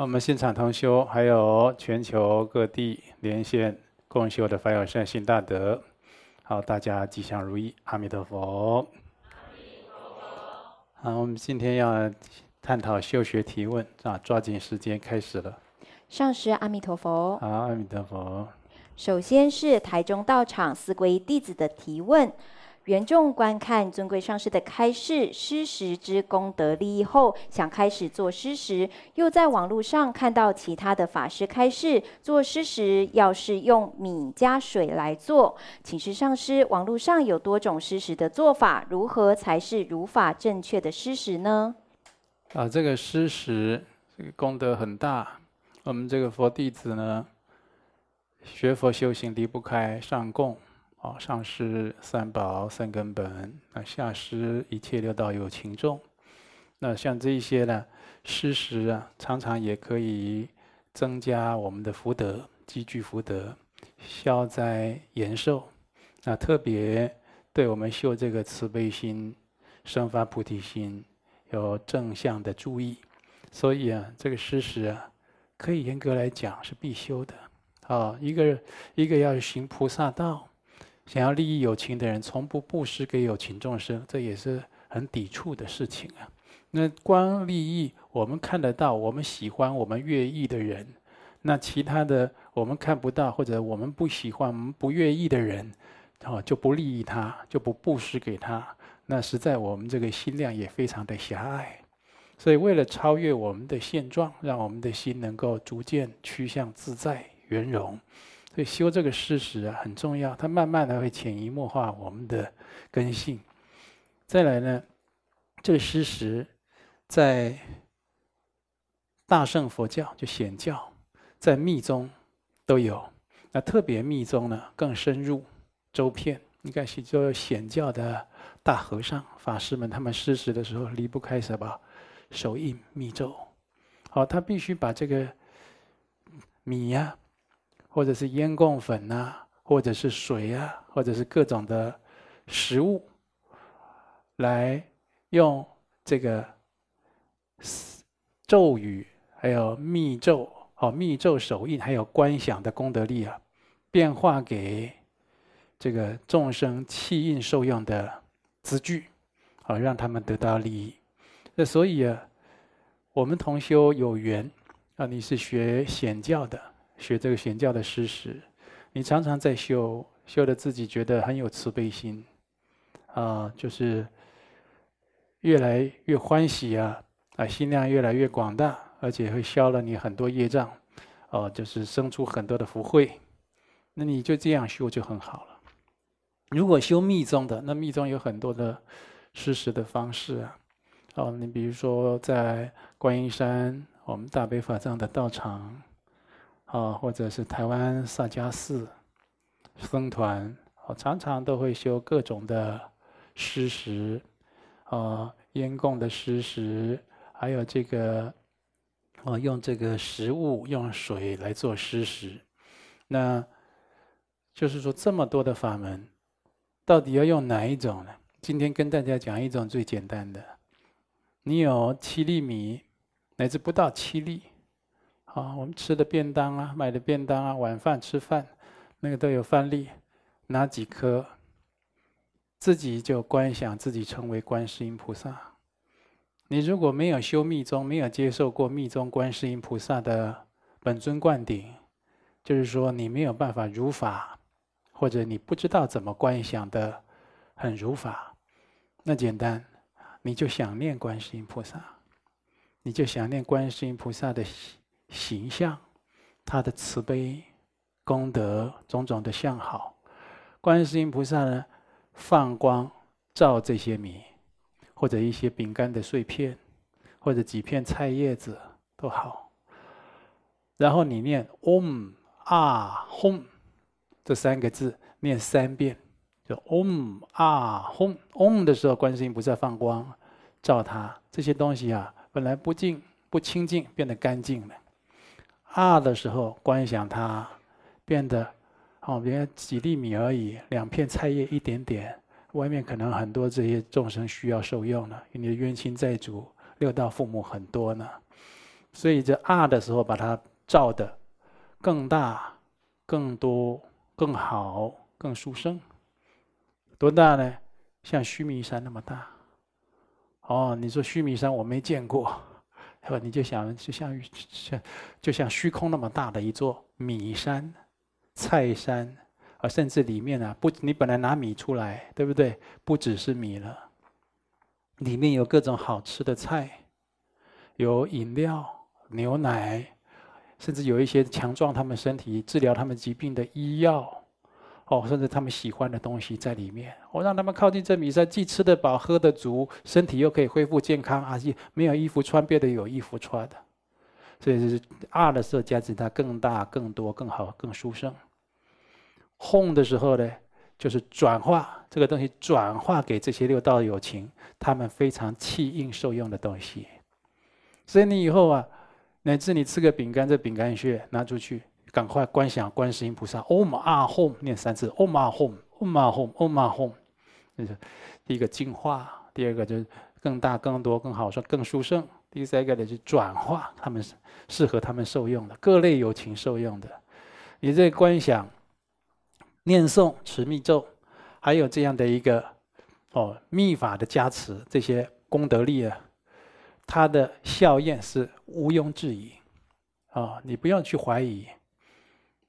我們現場同修，還有全球各地連線共修的法友善信大德，好，大家吉祥如意，阿彌陀佛。好，我們今天要探討修學提問，啊，抓緊時間開始了。上師阿彌陀佛。好，阿彌陀佛。首先是台中道場思歸弟子的提問。緣眾觀看尊貴上師的開示施食之功德利益後，想開始做施食，又在網路上看到其他的法師開示做施食，要是用米加水來做。請示上師，網路上有多種施食的做法，如何才是如法正確的施食呢？啊，這個施食這個功德很大，我們這個佛弟子呢，學佛修行離不開上供，哦，上師三寶三根本，那下施一切六道有情眾。那像這些呢，施食啊，常常也可以增加我們的福德，積聚福德，消災延壽。那特別對我們修這個慈悲心、生發菩提心有正向的助益，所以啊，這個施食啊，可以嚴格來講是必修的。啊，一個一個要行菩薩道。想要利益有情的人，從不布施給有情眾生，這也是很抵觸的事情啊。那光利益我們看得到，我們喜歡我們願意的人，那其他的我們看不到或者我們不喜歡我們不願意的人，哦，就不利益他，就不布施給他。那實在我們這個心量也非常的狹隘，所以為了超越我們的現狀，讓我們的心能夠逐漸趨向自在圓融。所以修這個施食啊，很重要，它慢慢的會潛移默化我們的根性。再來呢，這個施食，在大乘佛教就顯教，在密宗都有。那特別密宗呢，更深入周遍。你看許多顯教的大和尚、法師們，他們施食的時候離不開什麼手印、密咒。好，他必須把這個米呀、啊。或者是煙供粉吶、啊，或者是水啊，或者是各種的食物，來用這個咒語，還有密咒哦，密咒手印，還有觀想的功德力啊，變化給這個眾生氣運受用的資具，啊，讓他們得到利益。那所以啊，我們同修有緣啊，你是學顯教的。學這個顯教的施食，你常常在修，修的自己覺得很有慈悲心，啊、呃，就是越來越歡喜啊，啊、呃，心量越來越廣大，而且會消了你很多業障，哦、呃，就是生出很多的福慧，那你就這樣修就很好了。如果修密宗的，那密宗有很多的施食的方式啊，哦、呃，你比如說在觀音山，我們大悲法藏的道場。啊，或者是台灣薩迦寺僧團，我常常都會修各種的施食，啊，煙供的施食，還有這個，啊，用這個食物用水來做施食。那就是說，這麼多的法門，到底要用哪一種呢？今天跟大家講一種最簡單的。你有七粒米，乃至不到七粒。啊，我們吃的便當啊，買的便當啊，晚飯吃飯，那個都有飯粒，拿幾顆，自己就觀想自己成為觀世音菩薩。你如果沒有修密宗，沒有接受過密宗觀世音菩薩的本尊灌頂，就是說你沒有辦法如法，或者你不知道怎麼觀想得很如法，那簡單，你就想念觀世音菩薩，你就想念觀世音菩薩的。形象，他的慈悲、功德種種的相好，觀世音菩薩呢，放光照這些米，或者一些餅乾的碎片，或者幾片菜葉子都好。然後你念嗡啊吽這三個字，念三遍，就嗡啊吽，嗡的時候，觀世音菩薩放光照他這些東西啊，本來不淨不清淨，變得乾淨了。啊的時候，觀想它變得哦，原來幾粒米而已，兩片菜葉一點點，外面可能很多這些眾生需要受用呢，因為你的冤親債主、六道父母很多呢，所以這啊的時候把它照得更大、更多、更好、更殊勝，多大呢？像須彌山那麼大。哦，你說須彌山我沒見過。好吧，你就想就像就像就像虛空那麼大的一座米山、菜山啊，甚至裡面啊不，你本來拿米出來，對不對？不只是米了，裡面有各種好吃的菜，有飲料、牛奶，甚至有一些強壯他們身體、治療他們疾病的醫藥。哦，甚至他們喜歡的東西在裡面，我、哦、讓他們靠近這米，在既吃得飽、喝得足，身體又可以恢復健康，而、啊、且沒有衣服穿，變得有衣服穿的。所以是啊的時候，價值它更大、更多、更好、更殊勝。吽的時候呢，就是轉化這個東西，轉化給這些六道有情，他們非常契應受用的東西。所以你以後啊，乃至你吃個餅乾，這個、餅乾屑拿出去。趕快觀想觀世音菩薩，嗡啊吽念三次，嗡啊吽、啊吽，嗡啊吽嗡啊吽，那個第一個淨化，第二個就是更大更多更好，說更殊勝；第三個呢是轉化，他們是適合他們受用的，各類有情受用的。你這觀想、念誦、持密咒，還有這樣的一個哦秘法的加持，這些功德力啊，它的效驗是毋庸置疑啊、哦，你不要去懷疑。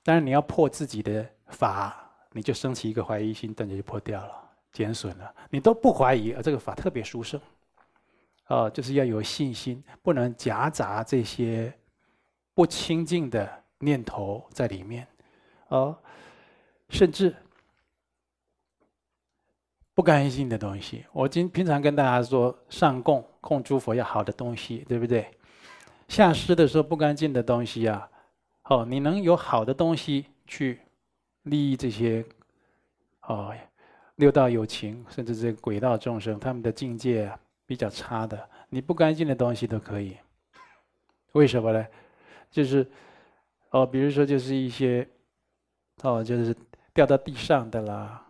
但是你要破自己的法，你就升起一個懷疑心，等於就破掉了，減損了。你都不懷疑，這個法特別殊勝，哦、呃，就是要有信心，不能夾雜這些不清淨的念頭在裡面，哦、呃，甚至不乾淨的東西。我經平常跟大家說，上供供諸佛要好的東西，對不對？下施的時候不乾淨的東西啊。哦，你能有好的東西去利益這些哦六道有情，甚至這個鬼道眾生，他們的境界比較差的，你不乾淨的東西都可以。為什麼呢？就是哦，比如說，就是一些哦，就是掉到地上的啦。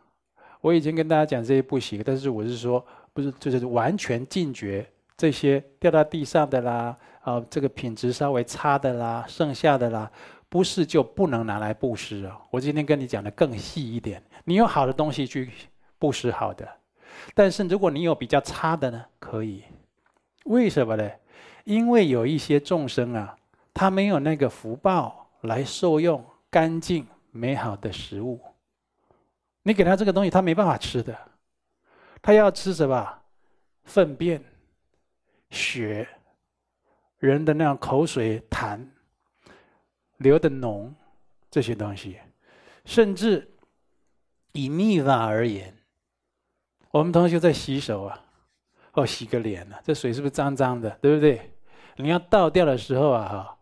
我以前跟大家講這些不行，但是我是說，不是就是完全禁絕這些掉到地上的啦。啊，這個品質稍微差的啦，剩下的啦，不是就不能拿來布施哦，我今天跟你講的更細一點，你有好的東西去布施好的，但是如果你有比較差的呢，可以。為什麼呢？因為有一些眾生啊，他沒有那個福報來受用乾淨美好的食物，你給他這個東西，他沒辦法吃的，他要吃什麼？糞便、血。人的那種口水痰，流的膿，這些東西，甚至以蜜蠟而言，我們同學在洗手啊，哦，洗個臉呢、啊，這水是不是髒髒的，對不對？你要倒掉的時候啊，哈，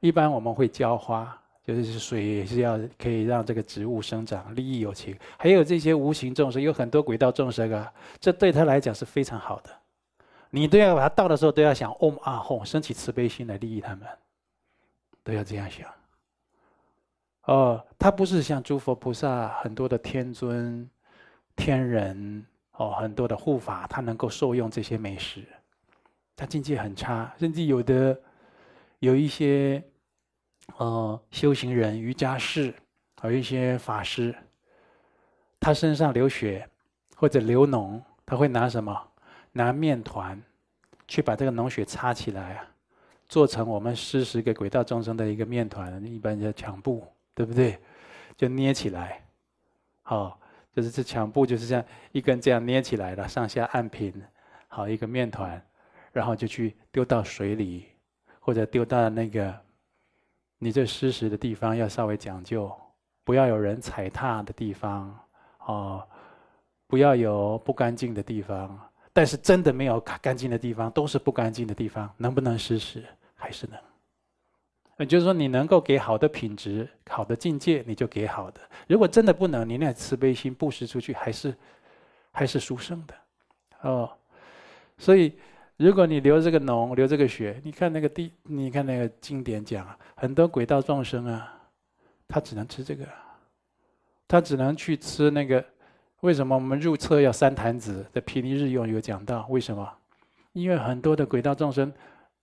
一般我們會澆花，就是水也是要可以讓這個植物生長，利益有情，還有這些無形眾生，有很多鬼道眾生啊，這對他來講是非常好的。你都要把它倒的時候，都要想嗡啊吽，升起慈悲心來利益他們，都要這樣想。哦、呃，他不是像諸佛菩薩很多的天尊、天人哦、呃，很多的護法，他能夠受用這些美食。他境界很差，甚至有的有一些哦、呃、修行人、瑜伽士，還有一些法師，他身上流血或者流膿，他會拿什麼？拿麵糰去把這個膿血擦起來啊，做成我們施食的鬼道眾生的一個麵糰，一般叫牆布對不對？就捏起來，好，就是這牆布就是像一根這樣捏起來了，上下按平，好一個麵糰，然後就去丟到水裡，或者丟到那個你這施食的地方要稍微講究，不要有人踩踏的地方哦，不要有不乾淨的地方。但是真的沒有乾淨的地方，都是不乾淨的地方。能不能施食還是能？也就是說，你能夠給好的品質、好的境界，你就給好的。如果真的不能，你那慈悲心布施出去，還是還是殊勝的哦。所以，如果你流這個膿、流這個血，你看那個地，你看那個經典講啊，很多鬼道眾生啊，他只能吃這個，他只能去吃那個。為什麼我們入廁要三彈指？在《毗尼日用》有講到，為什麼？因為很多的鬼道眾生，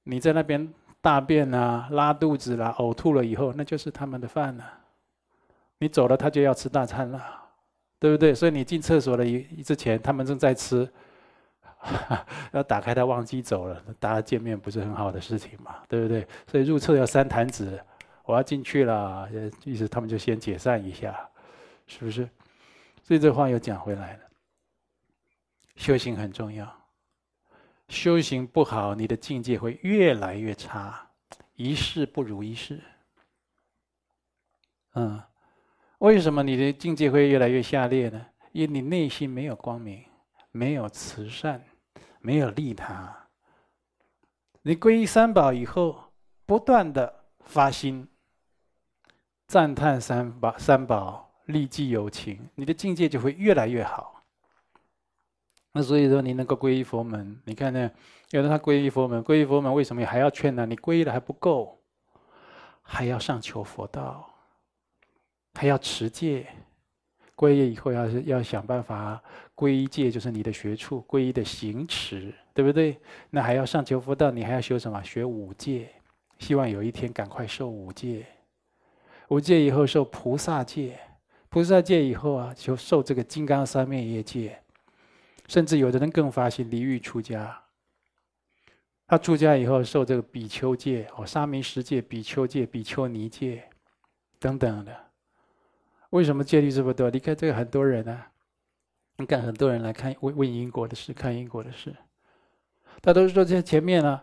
你在那邊大便啊、拉肚子啦、啊、嘔吐了以後，那就是他們的飯了、啊。你走了，他就要吃大餐了，對不對？所以你進廁所了一之前，他們正在吃， 要打開他忘記走了，大家見面不是很好的事情嘛，對不對？所以入廁要三彈指，我要進去了，意思他們就先解散一下，是不是？所以這話又講回來了，修行很重要。修行不好，你的境界會越來越差，一世不如一世。嗯，為什麼你的境界會越來越下劣呢？因為你內心沒有光明，沒有慈善，沒有利他。你皈依三寶以後，不斷的發心，讚歎三寶，三寶。利濟有情，你的境界就會越來越好。那所以說，你能夠皈依佛門，你看呢？有的他皈依佛門，皈依佛門為什麼還要勸呢？你皈依的還不夠，還要上求佛道，還要持戒。皈依以後，要是要想辦法皈依戒，就是你的學處，皈依的行持，對不對？那還要上求佛道，你還要修什麼？學五戒，希望有一天趕快受五戒。五戒以後受菩薩戒。菩薩戒以後啊，就受這個金剛三昧耶戒，甚至有的人更發心離欲出家。他出家以後受這個比丘戒哦，沙彌十戒、比丘戒、比丘尼戒等等的。為什麼戒律這麼多？你看這個很多人啊，你看很多人來看問問因果的事，看因果的事，他都是說這前面呢，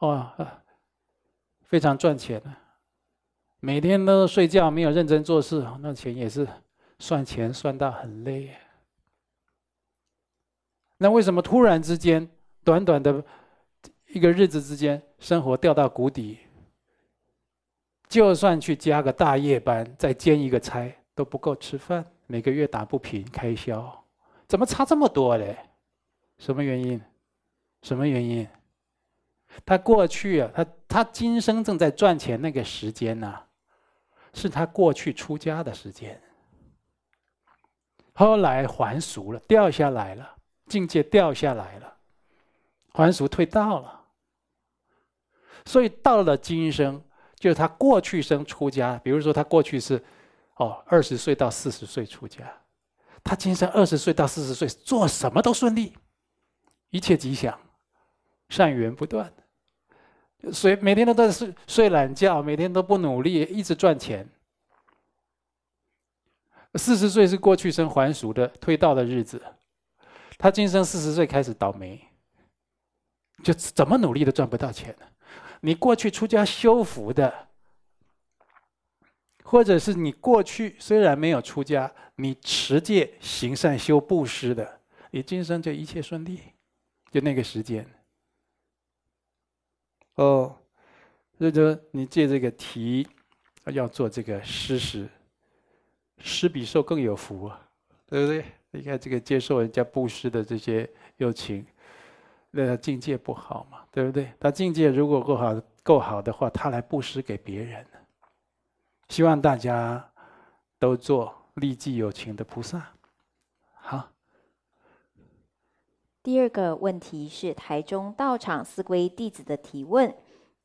哇，啊、哦，非常賺錢的、啊，每天都睡覺，沒有認真做事那錢也是。算錢算到很累，啊，那為什麼突然之間短短的一個日子之間，生活掉到谷底？就算去加個大夜班，再兼一個差都不夠吃飯，每個月打不平開銷，怎麼差這麼多嘞？什麼原因？什麼原因？他過去啊，他他今生正在賺錢那個時間吶，啊，是他過去出家的時間。後來還俗了，掉下來了，境界掉下來了，還俗退道了。所以到了今生，就是他過去生出家，比如說他過去是，哦，二十歲到四十歲出家，他今生二十歲到四十歲做什麼都順利，一切吉祥，善緣不斷，所以每天都在睡睡懶覺，每天都不努力，一直賺錢。四十歲是過去生還俗的退道的日子，他今生四十歲開始倒霉，就怎麼努力都賺不到錢。你過去出家修福的，或者是你過去雖然沒有出家，你持戒行善修布施的，你今生就一切順利，就那個時間。哦，所以說你借這個題要做這個施食。施比受更有福啊，對不對？你看這個接受人家布施的這些有情，那境界不好嘛，對不對？他境界如果夠好、夠好的話，他來布施給別人。希望大家都做利濟有情的菩薩。好。第二個問題是台中道場思歸弟子的提問。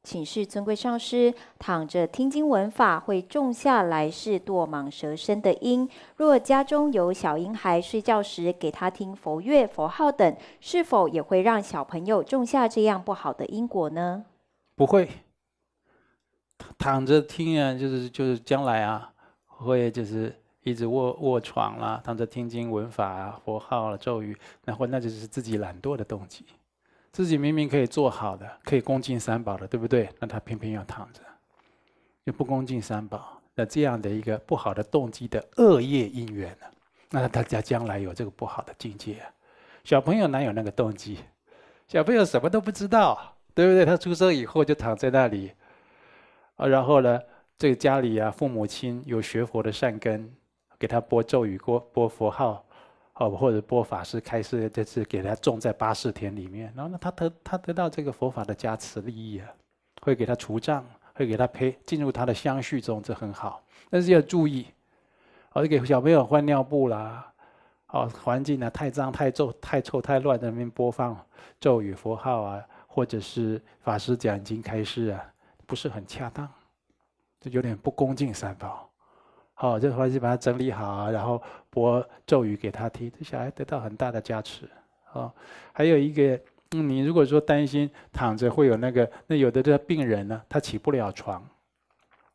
請示尊貴上師，躺着聽經聞法會種下來世墮蟒蛇身的因。若家中有小嬰孩睡覺時給他聽佛樂、佛號等，是否也會讓小朋友種下這樣不好的因果呢？不會，躺着聽啊，就是就是將來啊，會就是一直臥臥牀啦、啊，躺着聽經聞法啊、佛號啊，咒語，然後那就是自己懶惰的動機。自己明明可以做好的，可以恭敬三寶的，對不對？那他偏偏要躺着，就不恭敬三寶。那這樣的一個不好的動機的惡業因緣呢？那他大家將來有這個不好的境界。小朋友哪有那個動機？小朋友什麼都不知道，對不對？他出生以後就躺在那裡，啊，然後呢，這個家裡啊，父母親有學佛的善根，給他播咒語、播播佛號。哦，或者播法師開示，這次給他種在八識田裡面，然後呢，他得他得到這個佛法的加持利益啊，會給他除障，會給他培進入他的相續中，這很好。但是要注意，哦，給小朋友換尿布啦，哦，環境呢、啊、太髒、太臭、太臭、太亂，在那邊播放咒語、佛號啊，或者是法師講經開示啊，不是很恰當，就有點不恭敬三寶。哦，個還是把它整理好，啊，然後播咒語給他聽，這小孩得到很大的加持。哦，還有一個，嗯，你如果說擔心躺着會有那個，那有的這病人呢，啊，他起不了床，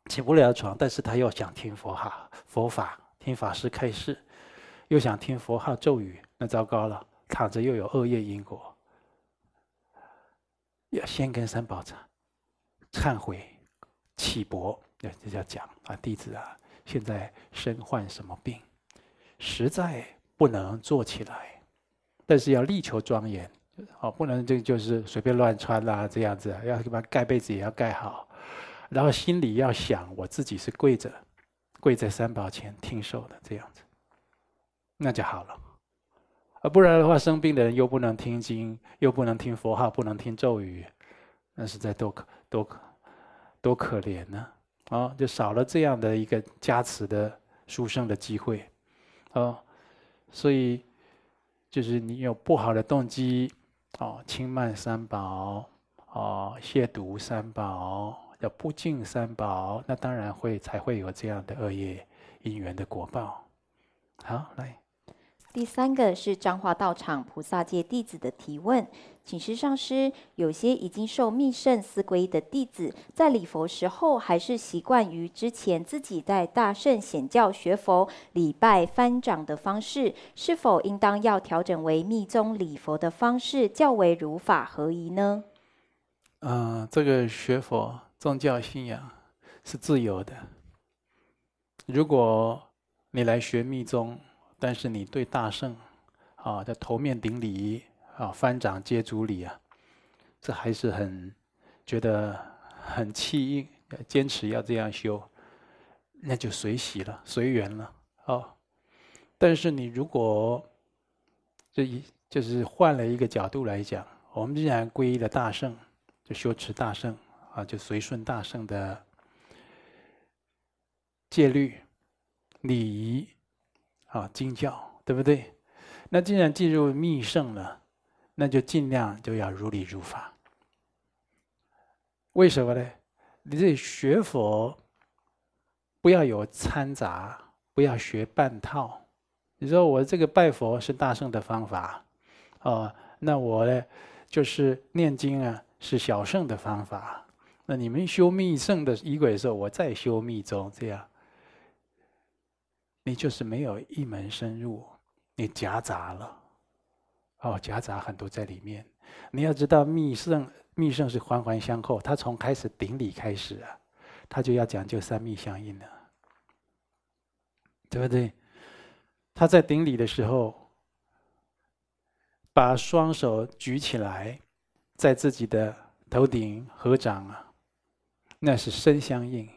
起不了床，但是他又想聽佛號、佛法，聽法師開示，又想聽佛號咒語，那糟糕了，躺着又有惡業因果。要先跟三寶懺懺悔，起搏，這叫講啊，弟子啊。現在身患什麼病，實在不能坐起來，但是要力求莊嚴，好，不能這就是隨便亂穿啦、啊，這樣子，要把蓋被子也要蓋好，然後心裡要想，我自己是跪着，跪在三寶前聽受的，這樣子，那就好了，啊，不然的話，生病的人又不能聽經，又不能聽佛號，不能聽咒語，那實在多可多可多可可憐呢。啊、哦，就少了這樣的一個加持的殊勝的機會，啊、哦，所以就是你有不好的動機，哦，輕慢三寶，哦，褻瀆三寶，要不敬三寶，那當然會才會有這樣的惡業因緣的果報。好，來，第三個是彰化道場菩薩戒弟子的提問。請示上師，有些已經受密乘四皈依的弟子，在禮佛時候還是習慣於之前自己在大乘顯教學佛禮拜翻掌的方式，是否應當要調整為密宗禮佛的方式較為如法合宜呢？嗯、呃，這個學佛宗教信仰是自由的。如果你來學密宗，但是你對大乘啊，的頭面頂禮。啊，翻掌接足禮啊，這還是很覺得很氣硬，堅持要這樣修，那就隨喜了，隨緣了啊。但是你如果這一就，就是換了一個角度來講，我們既然皈依了大乘，就修持大乘啊，就隨順大乘的戒律、禮儀啊、經教，對不對？那既然進入密乘了。那就盡量就要如理如法，為什麼呢？你這學佛不要有摻雜，不要學半套。你說我這個拜佛是大乘的方法，哦，那我呢就是念經啊是小乘的方法。那你們修密乘的儀軌的時候，我在修密宗，這樣你就是沒有一門深入，你夾雜了。哦，夾雜很多在裡面。你要知道，密乘密乘是環環相扣，他從開始頂禮開始啊，他就要講究三密相應了，對不對？他在頂禮的時候，把雙手舉起來，在自己的頭頂合掌啊，那是身相應。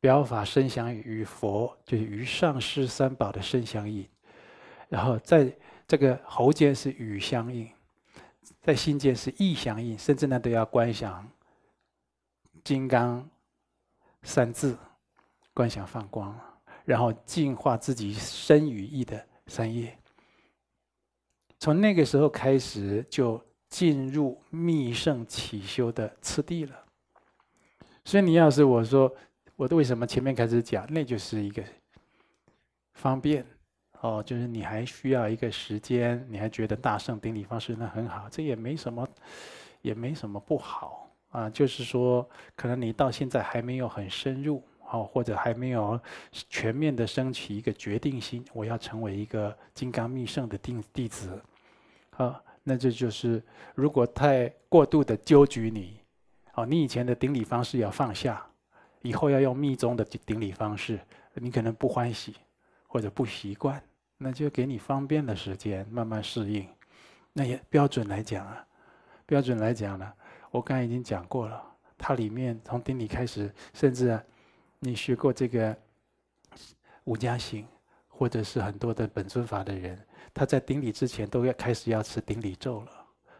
表法身相應與佛，就是與上師三寶的身相應，然後再。這個喉間是語相應，在心間是意相應，甚至呢都要觀想金剛三字，觀想放光，然後淨化自己身語意的三業。從那個時候開始，就進入密聖起修的次第了。所以，你要是我說，我為什麼前面開始講，那就是一個方便。哦，就是你還需要一個時間，你還覺得大乘頂禮方式那很好，這也沒什麼，也沒什麼不好啊。就是說，可能你到現在還沒有很深入，哦、啊，或者還沒有全面的升起一個決定心，我要成為一個金剛密乘的的弟子，好、啊，那這就是如果太過度的糾舉你，哦、啊，你以前的頂禮方式要放下，以後要用密宗的頂禮方式，你可能不歡喜或者不習慣。那就給你方便的時間慢慢適應。那也標準來講啊，標準來講呢、啊，我剛才已經講過了，它裡面從頂禮開始，甚至、啊、你學過這個五加行，或者是很多的本尊法的人，他在頂禮之前都要開始要持頂禮咒了，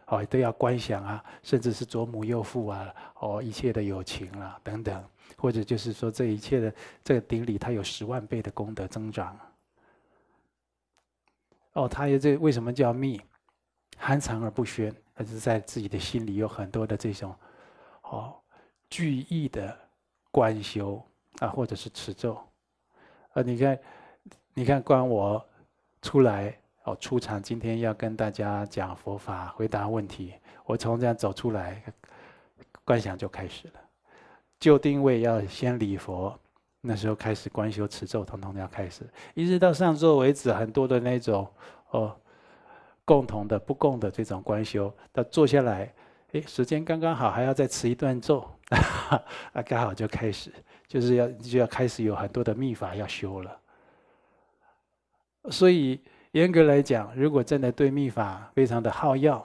哦，都要觀想啊，甚至是左母右父啊，哦，一切的有情啊等等，或者就是說這一切的這個頂禮，它有十萬倍的功德增長。哦，他也這為什麼叫密？含藏而不宣，而是在自己的心裡有很多的這種哦聚義的觀修啊，或者是持咒啊，你看，你看，觀我出來哦，出場今天要跟大家講佛法，回答問題，我從這樣走出來，觀想就開始了，就定位要先禮佛。那時候開始觀修持咒，統統都要開始，一直到上座為止。很多的那種哦，共同的不共的這種觀修，到坐下來，哎，時間剛剛好，還要再持一段咒， 啊，剛好就開始，就是要就要開始有很多的密法要修了。所以嚴格來講，如果真的對密法非常的好樂，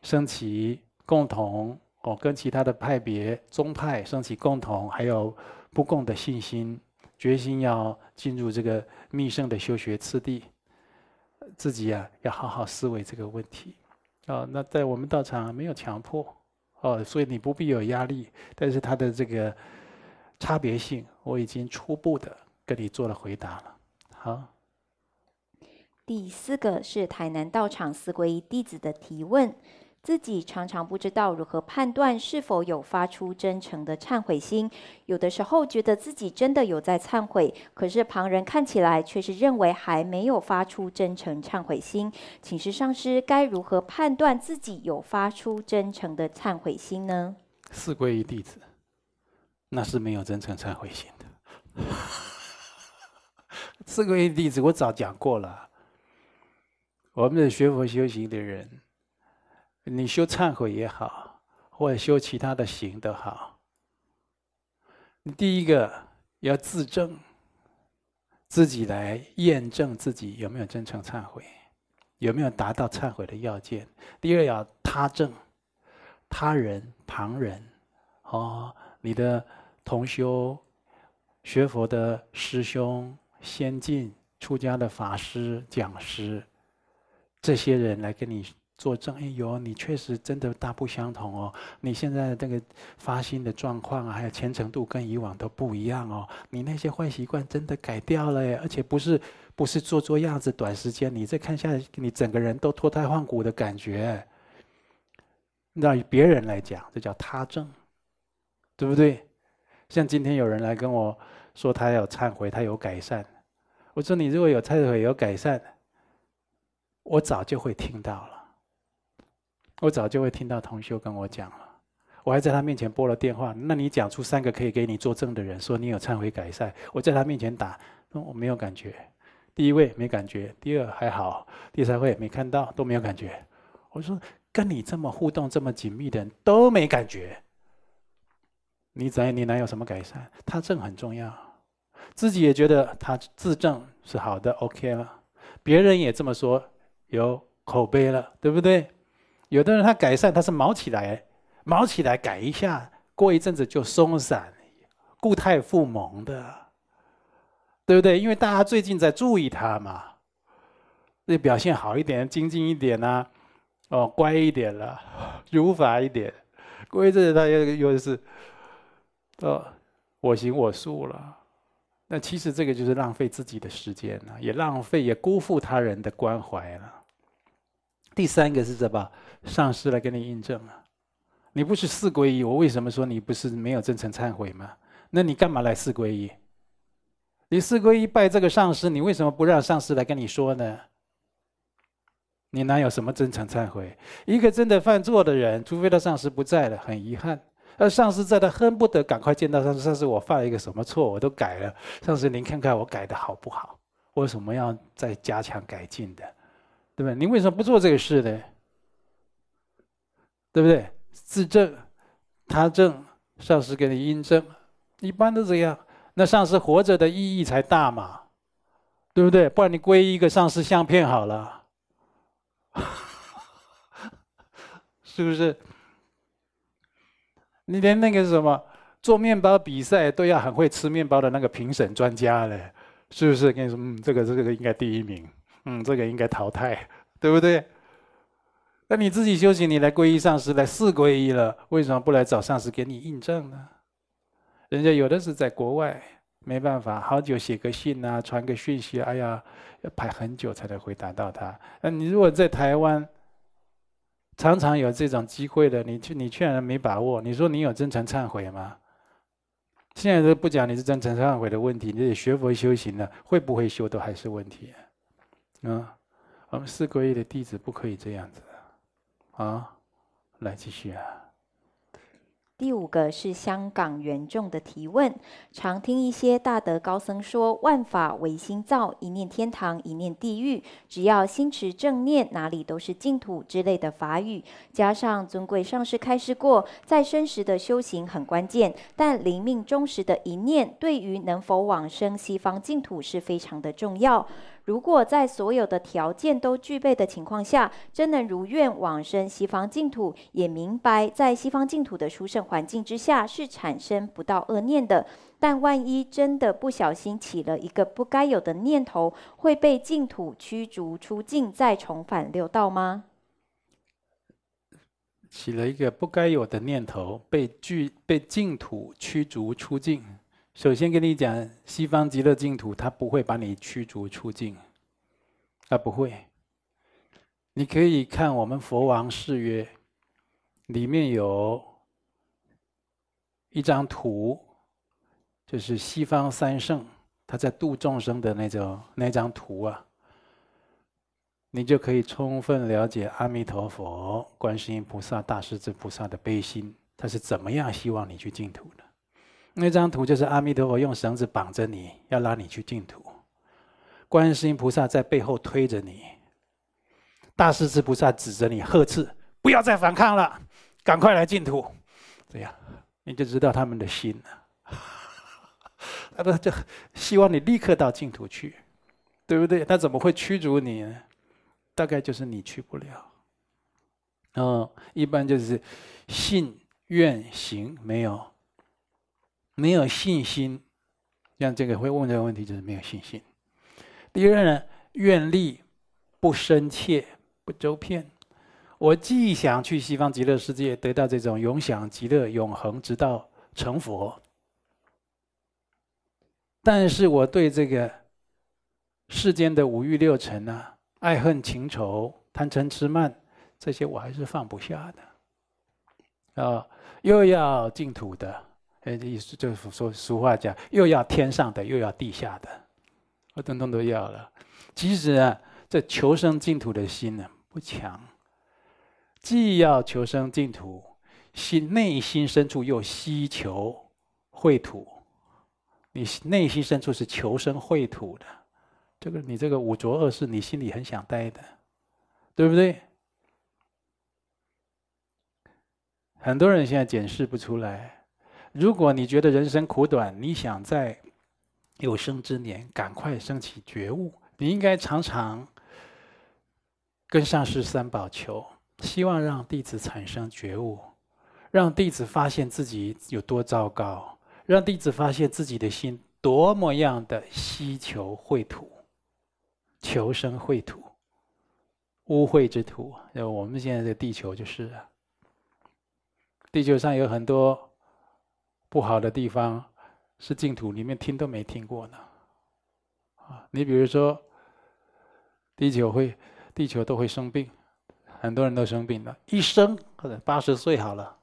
生起共同哦，跟其他的派別宗派生起共同，還有。不共的信心，決心要進入這個密乘的修學次第，自己啊要好好思維這個問題。啊、哦，那在我們道場沒有強迫，哦，所以你不必有壓力。但是它的這個差別性，我已經初步的跟你做了回答了。好，第四個是台南道場四皈依弟子的提問。自己常常不知道如何判斷是否有發出真誠的懺悔心，有的時候覺得自己真的有在懺悔，可是旁人看起來卻是認為還沒有發出真誠懺悔心。請示上師該如何判斷自己有發出真誠的懺悔心呢？四皈依弟子，那是沒有真誠懺悔心的。 四皈依弟子，我早講過了。我們的學佛修行的人，你修懺悔也好，或者修其他的行都好。第一個要自證，自己來驗證自己有沒有真誠懺悔，有沒有達到懺悔的要件。第二要他證，他人、旁人，哦，你的同修、學佛的師兄、先進、出家的法師、講師，這些人來跟你作證，哎呦，你確實真的大不相同哦！你現在那個發心的狀況，還有虔誠度，跟以往都不一樣哦。你那些壞習慣真的改掉了耶，而且不是不是做做樣子，短時間，你再看下你整個人都脫胎換骨的感覺。那以別人來講，這叫他證，對不對？像今天有人來跟我說，他要懺悔，他有改善。我說你如果有懺悔，有改善，我早就會聽到了。我早就會聽到同修跟我講了，我還在他面前撥了電話。那你講出三個可以給你作證的人，說你有懺悔改善。我在他面前打，我沒有感覺。第一位沒感覺，第二還好，第三位沒看到，都沒有感覺。我說，跟你這麼互動這麼緊密的人都沒感覺，你在你哪有什麼改善？他證很重要，自己也覺得他自證是好的，OK 了。別人也這麼說，有口碑了，對不對？有的人他改善，他是卯起來，卯起來改一下，過一陣子就鬆散，故態復萌的，對不對？因為大家最近在注意他嘛，那表現好一點，精進一點吶、啊，哦，乖一點了，如法一點，過一陣子他又又是，哦，我行我素了。那其實這個就是浪費自己的時間了，也浪費，也辜負他人的關懷了。第三個是這吧上師來給你印證啊，你不是四皈依，我為什麼說你不是沒有真誠懺悔嗎？那你幹嘛來四皈依？你四皈依拜這個上師，你為什麼不讓上師來跟你說呢？你哪有什麼真誠懺悔？一個真的犯錯的人，除非他上師不在了，很遺憾；而上師在，他恨不得趕快見到上師。上師，我犯了一個什麼錯？我都改了。上師，您看看我改的好不好？我為什麼要再加強改進的？對不對？你為什麼不做這個事呢？對不對？自證、他證、上師給你印證，一般都這樣。那上師活着的意義才大嘛，對不對？不然你皈依一個上師相片好了， 是不是？你連那個什麼做面包比賽都要很會吃面包的那個評審專家呢，是不是？跟你說，嗯，這個這個應該第一名。嗯，這個應該淘汰，對不對？那你自己修行，你來皈依上師，來四皈依了，為什麼不來找上師給你印證呢？人家有的是在國外，沒辦法，好久寫個信啊，傳個訊息，哎呀，要排很久才能回答到他。那你如果在台灣，常常有這種機會的，你去你勸人沒把握，你說你有真誠懺悔嗎？現在都不講你是真誠懺悔的問題，你得學佛修行了，會不會修都還是問題。嗯，我們、啊、四皈依的弟子不可以這樣子啊！啊來繼續啊。第五個是香港緣眾的提問：常聽一些大德高僧說“萬法唯心造，一念天堂，一念地獄”，只要心持正念，哪裡都是淨土之類的法語。加上尊貴上師開示過，在生時的修行很關鍵，但臨命終時的一念，對於能否往生西方淨土是非常的重要。如果在所有的條件都具備的情況下，真能如願往生西方淨土，也明白在西方淨土的殊勝環境之下是產生不到惡念的。但萬一真的不小心起了一個不該有的念頭，會被淨土驅逐出境，再重返六道嗎？起了一個不該有的念頭，被拒被淨土驅逐出境。首先跟你講，西方極樂淨土，它不會把你驅逐出境，它不會。你可以看我們《佛王誓約》，裡面有，一張圖，就是西方三聖他在度眾生的那種那張圖啊，你就可以充分了解阿彌陀佛、觀世音菩薩、大勢至菩薩的悲心，他是怎麼樣希望你去淨土的。那張圖就是阿彌陀佛用繩子綁着你，要拉你去淨土；觀世音菩薩在背後推着你；大勢至菩薩指着你呵斥：“不要再反抗了，趕快來淨土！”這樣你就知道他們的心了。他不就希望你立刻到淨土去，對不對？他怎麼會驅逐你呢？大概就是你去不了。嗯，一般就是信、願、行沒有。沒有信心，像這個會問這個問題，就是沒有信心。第二呢，願力不深切、不周遍。我既想去西方極樂世界得到這種永享極樂、永恆，直到成佛，但是我對這個世間的五欲六塵啊，愛恨情仇、貪嗔痴慢，這些我還是放不下的。啊，又要淨土的。哎，這意思就是說，俗話講，又要天上的，又要地下的，我統統都要了。其實呢、啊，這求生淨土的心呢，不強，既要求生淨土，心內心深處又希求穢土。你內心深處是求生穢土的，這個你這個五濁惡世你心裡很想待的，對不對？很多人現在檢視不出來。如果你覺得人生苦短，你想在有生之年趕快生起覺悟，你應該常常跟上師三寶求，希望讓弟子產生覺悟，讓弟子發現自己有多糟糕，讓弟子發現自己的心多麼樣的希求穢土、求生穢土、污穢之土。就我們現在這個地球就是，地球上有很多。不好的地方是淨土裡面聽都沒聽過呢，啊，你比如說，地球會，地球都會生病，很多人都生病了，一生或者八十歲好了，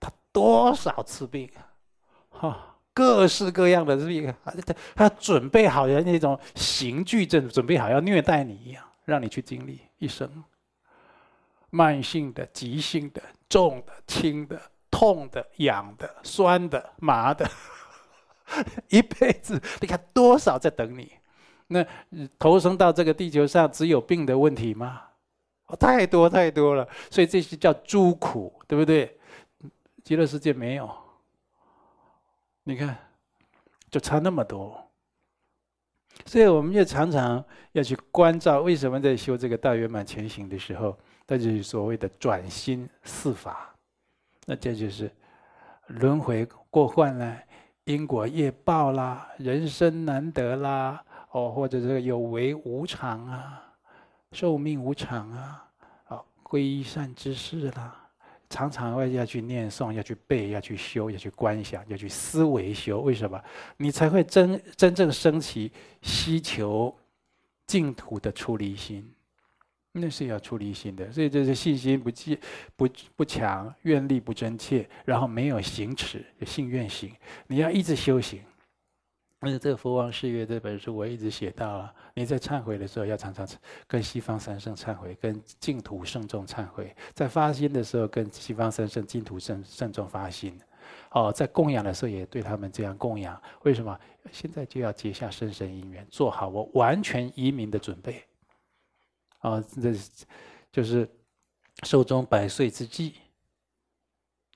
他多少次病，哈，各式各樣的病，他他準備好的那種刑具證，準備好要虐待你一樣，讓你去經歷一生，慢性的、急性的、重的、輕的。痛的、癢的、酸的、麻的，一輩子，你看多少在等你？那投生到這個地球上，只有病的問題嗎？哦，太多太多了，所以這些叫諸苦，對不對？極樂世界沒有，你看就差那麼多。所以，我們也常常要去關照，為什麼在修這個大圓滿前行的時候，那就是所謂的轉心四法。那這就是輪回過患了，因果業報啦，人生難得啦，哦，或者這個有為無常啊，壽命無常啊，啊，歸一善之事啦，常常要要去念誦，要去背，要去修，要去觀想，要去思維修，為什麼？你才會真真正生起希求淨土的出離心。那是要出離心的，所以這是信心不不不強，願力不真切，然後沒有行持信願行。你要一直修行。而且這個《佛王誓約》這本書，我一直寫到啊，你在懺悔的時候，要常常跟西方三聖懺悔，跟淨土聖眾懺悔；在發心的時候，跟西方三聖、淨土聖聖眾發心。哦，在供養的時候，也對他們這樣供養。為什麼？現在就要結下深深因緣，做好我完全移民的準備。啊，這、哦、就是壽終百歲之際，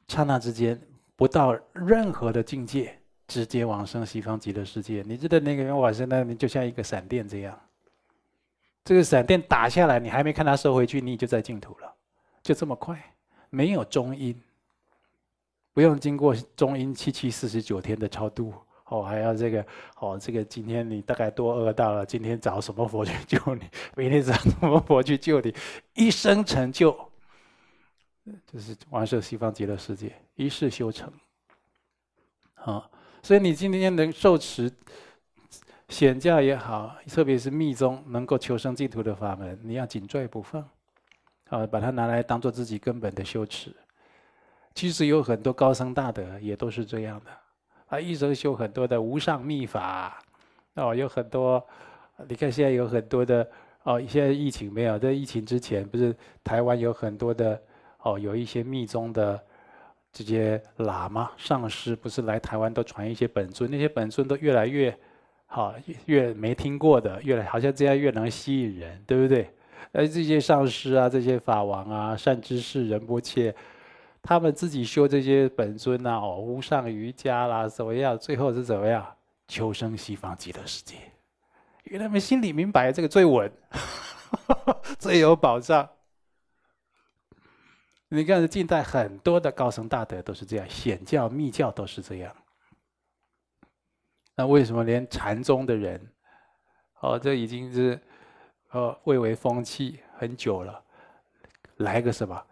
剎那之間，不到任何的境界，直接往生西方極樂世界。你知道那個人往生，那你就像一個閃電這樣，這個閃電打下來，你還沒看它收回去，你就在淨土了，就這麼快，沒有中陰，不用經過中陰七七四十九天的超度。哦，還要這個哦，這個今天你大概多餓到了，今天找什麼佛去救你？ 明天找什麼佛去救你？一生成就，就是完事西方極樂世界，一世修成。啊，所以你今天能受持顯教也好，特別是密宗能夠求生淨土的法門，你要緊拽不放，啊，把它拿來當做自己根本的修持。其實有很多高僧大德也都是這樣的。他、啊、一生修很多的無上祕法，哦，有很多，你看現在有很多的，哦，現在疫情沒有，在疫情之前，不是台灣有很多的，哦，有一些密宗的這些喇嘛上師，不是來台灣都傳一些本尊，那些本尊都越來越好，哦，越沒聽過的，越來好像這樣越能吸引人，對不對？而這些上師啊，這些法王啊，善知識仁波切。他們自己修這些本尊啊，哦，無上瑜伽啦，怎麼樣？最後是怎麼樣？求生西方極樂世界，因為他們心裡明白這個最穩， 最有保障。你看，近代很多的高僧大德都是這樣，顯教、密教都是這樣。那為什麼連禪宗的人，哦，這已經是，呃，蔚為風氣很久了，來個什麼？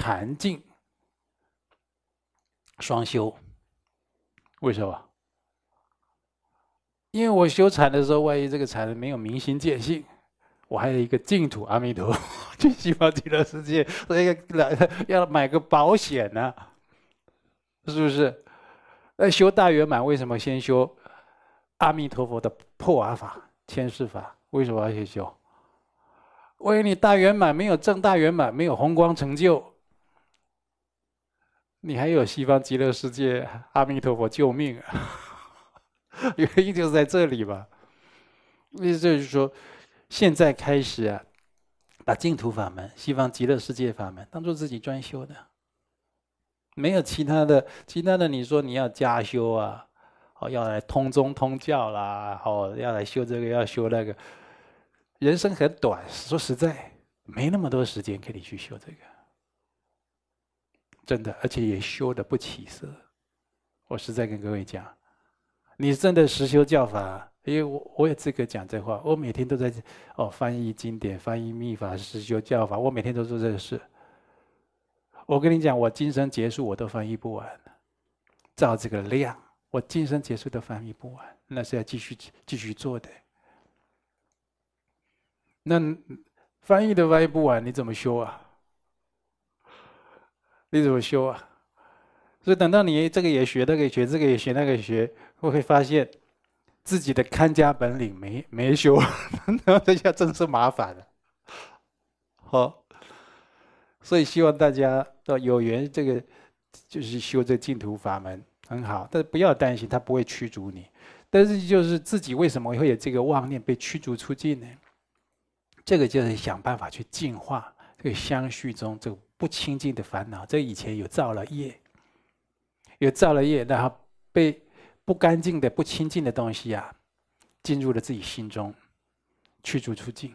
禪淨雙修，為什麼？因為我修禪的時候，萬一這個禪沒有明心見性，我還有一個淨土阿彌陀佛就西方極樂世界，所以要買個保險呢、啊，是不是？那修大圓滿為什麼先修阿彌陀佛的破瓦法、遷識法？為什麼要去修？萬一你大圓滿沒有證，大圓滿沒有虹光成就？你還有西方極樂世界，阿彌陀佛，救命啊！原因就是在這裡吧。意思就是說，現在開始啊，把淨土法門、西方極樂世界法門當做自己專修的，沒有其他的、其他的。你說你要加修啊，哦，要來通宗通教啦，哦，要來修這個，要修那個。人生很短，說實在，沒那麼多時間給你去修這個。真的，而且也修得不起色。我實在跟各位講，你真的實修教法，因為我我有資格講這話。我每天都在哦翻譯經典、翻譯密法、實修教法，我每天都做這個事。我跟你講，我今生結束我都翻譯不完，照這個量，我今生結束都翻譯不完，那是要繼續繼續做的。那翻譯都翻譯不完，你怎麼修啊？你怎麼修啊？所以等到你這個也學，那個也學，這個也學，那個也學，會會發現自己的看家本領沒沒修，那 這下真是麻煩了。好，所以希望大家都有緣，這個就是修這淨土法門很好，但是不要擔心他不會驅逐你，但是就是自己為什麼會有這個妄念被驅逐出境呢？這個就是想辦法去淨化。個相續中，這個不清淨的煩惱，這以前有造了業，有造了業，然後被不乾淨的、不清淨的東西啊，進入了自己心中，驅逐出境，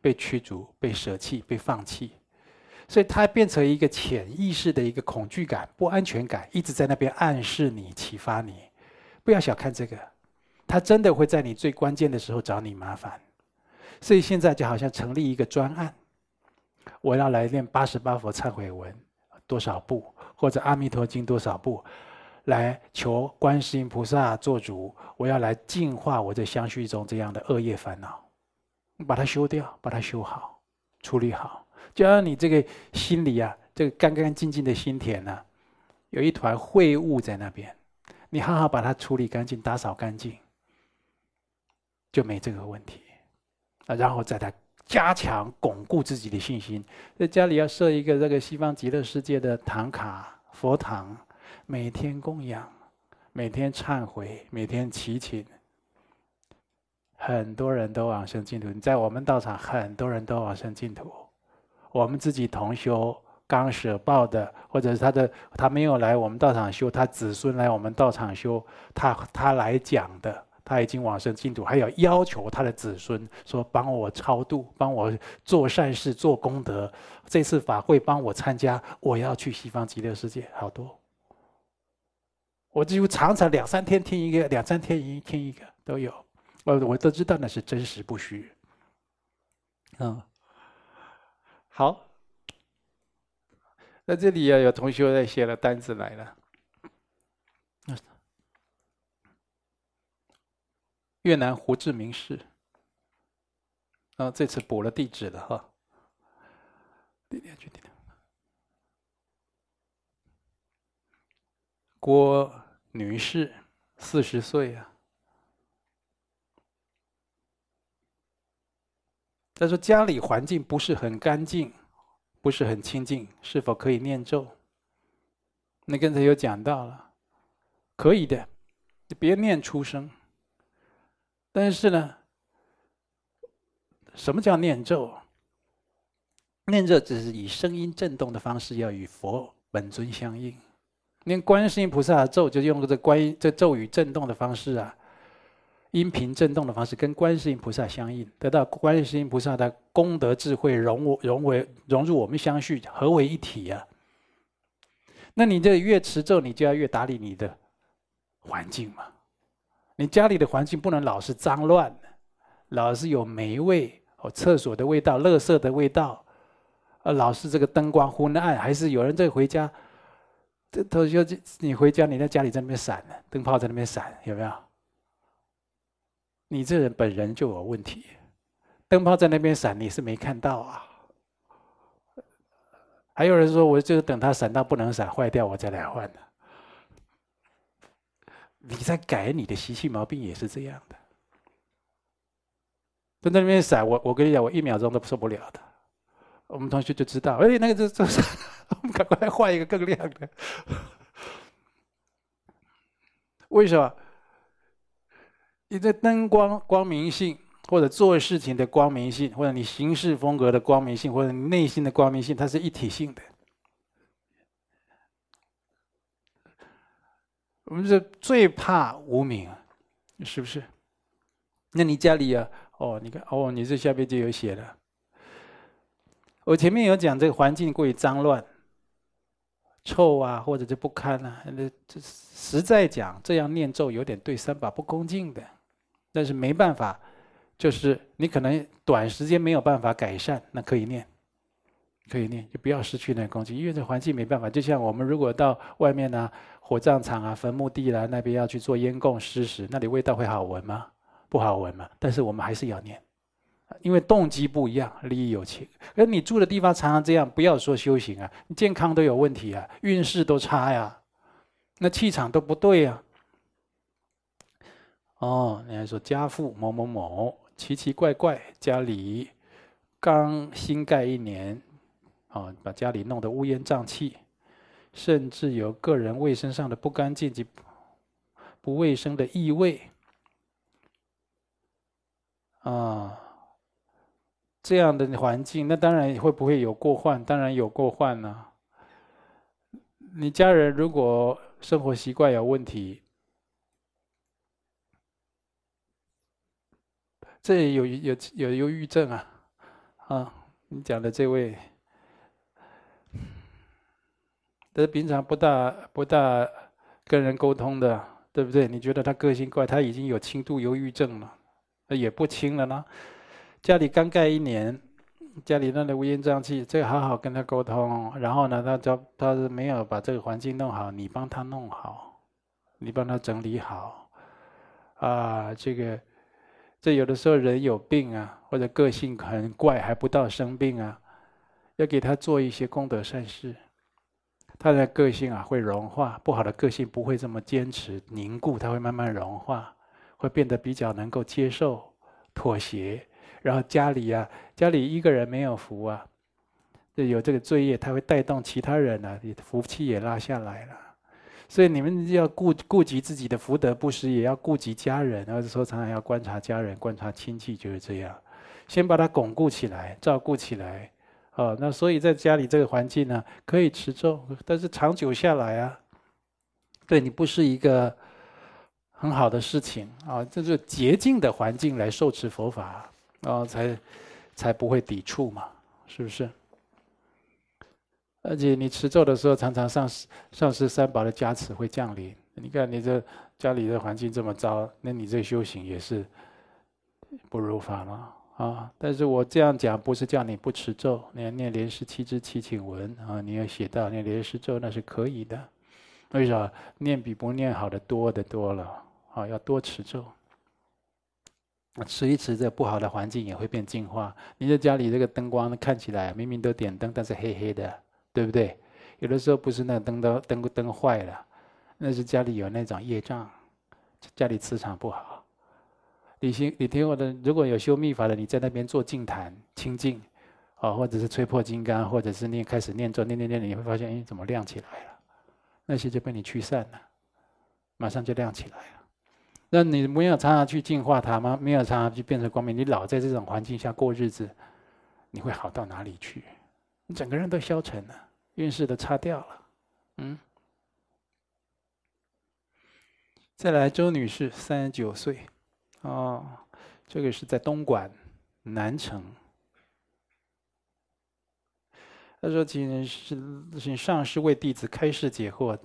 被驅逐、被捨棄、被放棄，所以它變成一個潛意識的一個恐懼感、不安全感，一直在那邊暗示你、啟發你。不要小看這個，它真的會在你最關鍵的時候找你麻煩。所以現在就好像成立一個專案。我要來念八十八佛懺悔文多少部，或者《阿彌陀經》多少部，來求觀世音菩薩做主。我要來淨化我在相續中這樣的惡業煩惱，把它修掉，把它修好，處理好。就讓你這個心裡啊，這個乾乾淨淨的心田呢，啊，有一團穢物在那邊，你好好把它處理乾淨、打掃乾淨，就沒這個問題。然後再來。加強鞏固自己的信心，在家裡要設一個這個西方極樂世界的唐卡佛堂，每天供養，每天懺悔，每天祈請。很多人都往生淨土，你在我們道場，很多人都往生淨土。我們自己同修剛捨報的，或者是他的，他沒有來我們道場修，他子孫來我們道場修，他他來講的。他已經往生淨土，還要要求他的子孫說：“幫我超度，幫我做善事、做功德。這次法會幫我參加，我要去西方極樂世界。”好多，我幾乎常常兩三天聽一個，兩三天一聽一個都有，我我都知道那是真實不虛。嗯，好。那這裡啊，有同學在寫了單子來了。越南胡志明市，啊，這次補了地址了哈。郭女士，四十歲啊。他說家裡環境不是很乾淨，不是很清淨，是否可以念咒？那剛才有講到了，可以的，你別念出聲。但是呢，什麼叫念咒？念咒只是以聲音震動的方式，要與佛本尊相應。念觀世音菩薩的咒，就用這觀這咒語震動的方式啊，音頻震動的方式，跟觀世音菩薩相應，得到觀世音菩薩的功德智慧融融為融入我們相續，合為一體啊。那你這越持咒，你就要越打理你的環境嘛。你家裡的環境不能老是髒亂，老是有霉味哦，廁所的味道、垃圾的味道，呃，老是這個燈光昏暗，還是有人在回家，這同學就你回家你在家裡在那邊閃，燈泡在那邊閃，有沒有？你這人本人就有問題，燈泡在那邊閃你是沒看到啊。還有人說，我就是等它閃到不能閃壞掉我再來換的。你在改你的習氣毛病也是這樣的，在那裡面閃我，我跟你講，我一秒鐘都受不了的。我們同學就知道，哎，那個就就是，我們趕快換一個更亮的。為什麼？你的燈光光明性，或者做事情的光明性，或者你行事風格的光明性，或者你內心的光明性，它是一體性的。我們是最怕無名，是不是？那你家裡啊，哦，你看，哦，你這下邊就有寫了。我前面有講，這個環境過於髒亂、臭啊，或者就不堪啊，這這實在講，這樣念咒有點對三寶不恭敬的。但是沒辦法，就是你可能短時間沒有辦法改善，那可以念。可以念，就不要失去那空氣，因為這環境沒辦法。就像我們如果到外面啊，火葬場啊、墳墓地啦、啊，那邊要去做煙供施食，那裡味道會好聞嗎？不好聞嘛。但是我們還是要念，因為動機不一樣，利益有情。而你住的地方常常這樣，不要說修行啊，健康都有問題啊，運勢都差呀、啊，那氣場都不對呀、啊。哦，你還說家父某某某奇奇怪怪，家裡剛新蓋一年。啊，把家裡弄得烏煙瘴氣，甚至有個人衛生上的不乾淨及不衛生的異味啊，這樣的環境，那當然會不會有過患？當然有過患呢、啊。你家人如果生活習慣有問題，這也有有有憂鬱症啊啊！你講的這位。但是平常不大，不大跟人溝通的，對不對？你覺得他個性怪，他已經有輕度憂鬱症了，也不輕了呢。家裡剛蓋一年，家裡那裡烏煙瘴氣，這好好跟他溝通。然後呢，他叫他是沒有把這個環境弄好，你幫他弄好，你幫他整理好。啊，這個這有的時候人有病啊，或者個性很怪，還不到生病啊，要給他做一些功德善事。他的個性啊會融化，不好的個性不會這麼堅持凝固，他會慢慢融化，會變得比較能夠接受妥協。然後家裡啊，家裡一個人沒有福啊，有這個罪業，他會帶動其他人啊，你福氣也落下來了。所以你們要顧顧及自己的福德，不時也要顧及家人，然後說常常要觀察家人、觀察親戚就是這樣，先把它鞏固起來，照顧起來。啊、哦，那所以在家裡這個環境呢、啊，可以持咒，但是長久下來啊，對你不是一個很好的事情啊、哦。這就是潔淨的環境來受持佛法啊、哦，才才不會抵觸嘛，是不是？而且你持咒的時候，常常上上師三寶的加持會降臨。你看你這家裡的環境這麼糟，那你這修行也是不如法嗎？啊！但是我這樣講不是叫你不持咒，你要念蓮師七支祈請文啊，你要寫到念蓮師咒，那是可以的。為什麼？念比不念好的多的多了啊！要多持咒，持一持，這不好的環境也會變淨化。你在家裡這個燈光看起來明明都點燈，但是黑黑的，對不對？有的時候不是那燈都燈燈壞了，那是家裡有那種業障，家裡磁場不好。你聽，你聽我的。如果有修密法的，你在那邊做淨壇清淨，啊，或者是吹破金剛，或者是念開始念咒，念念念，你會發現，哎，怎麼亮起來了？那些就被你驅散了，馬上就亮起來了。那你沒有常常去淨化它嗎？沒有常常去變成光明。你老在這種環境下過日子，你會好到哪裡去？你整個人都消沉了，運勢都差掉了，嗯。再來，周女士，三十九歲。哦，這個是在東莞南城。他說，請是請上師為弟子開示解惑。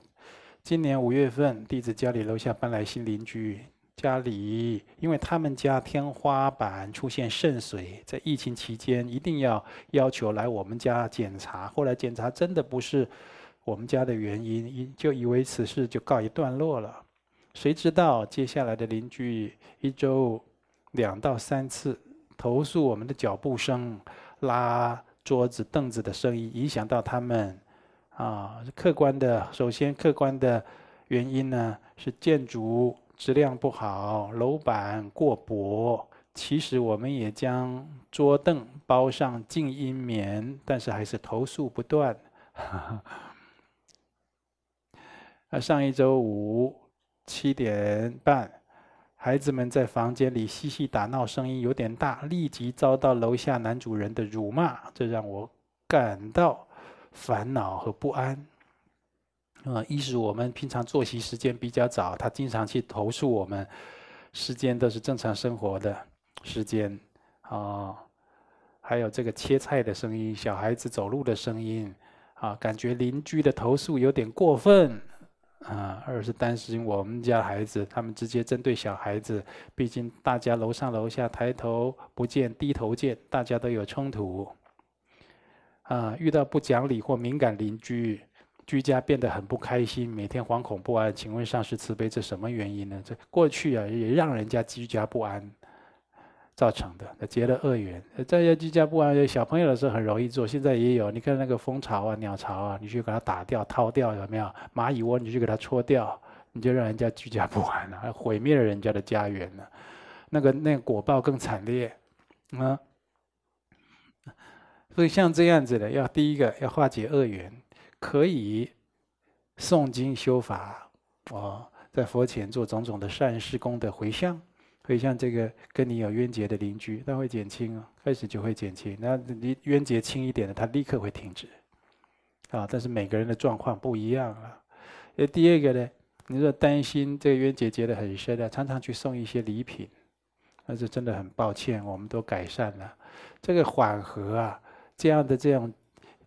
今年五月份，弟子家裡樓下搬來新鄰居，家裡因為他們家天花板出現滲水，在疫情期間一定要要求來我們家檢查。後來檢查真的不是我們家的原因，就以為此事就告一段落了。誰知道接下來的鄰居一周兩到三次投訴我們的腳步聲、拉桌子凳子的聲音影響到他們啊。客觀的，首先客觀的原因呢是建築質量不好，樓板過薄。其實我們也將桌凳包上靜音棉，但是還是投訴不斷。啊， 上一周五，七點半，孩子們在房間裡嬉戲打鬧，聲音有點大，立即遭到樓下男主人的辱罵，這讓我感到煩惱和不安。啊、呃，一是我們平常作息時間比較早，他經常去投訴我們；時間都是正常生活的，時間啊、哦，還有這個切菜的聲音，小孩子走路的聲音啊、哦，感覺鄰居的投訴有點過分。啊，二是擔心我們家孩子，他們直接針對小孩子。畢竟大家樓上樓下，抬頭不見低頭見，大家都有衝突。啊，遇到不講理或敏感鄰居，居家變得很不開心，每天惶恐不安。請問上師慈悲，這什麼原因呢？這過去啊也讓人家居家不安。造成的，結了惡緣，在家居家不安，小朋友的時候很容易做，現在也有。你看那個蜂巢啊、鳥巢啊，你去把它打掉、掏掉，有沒有？螞蟻窩，你去給它戳掉，你就讓人家居家不安了、啊，毀滅了人家的家園了、啊。那個那個果報更慘烈，嗯。所以像這樣子的，要第一個要化解惡緣，可以誦經修法哦，在佛前做種種的善事功德回向。所以像這個跟你有冤結的鄰居，他會減輕啊，開始就會減輕。那你冤結輕一點的，他立刻會停止，啊。但是每個人的狀況不一樣啊。那第二個呢？你若擔心這個冤結結得很深的啊，常常去送一些禮品，那是真的很抱歉，我們都改善了。這個緩和啊，這樣的這種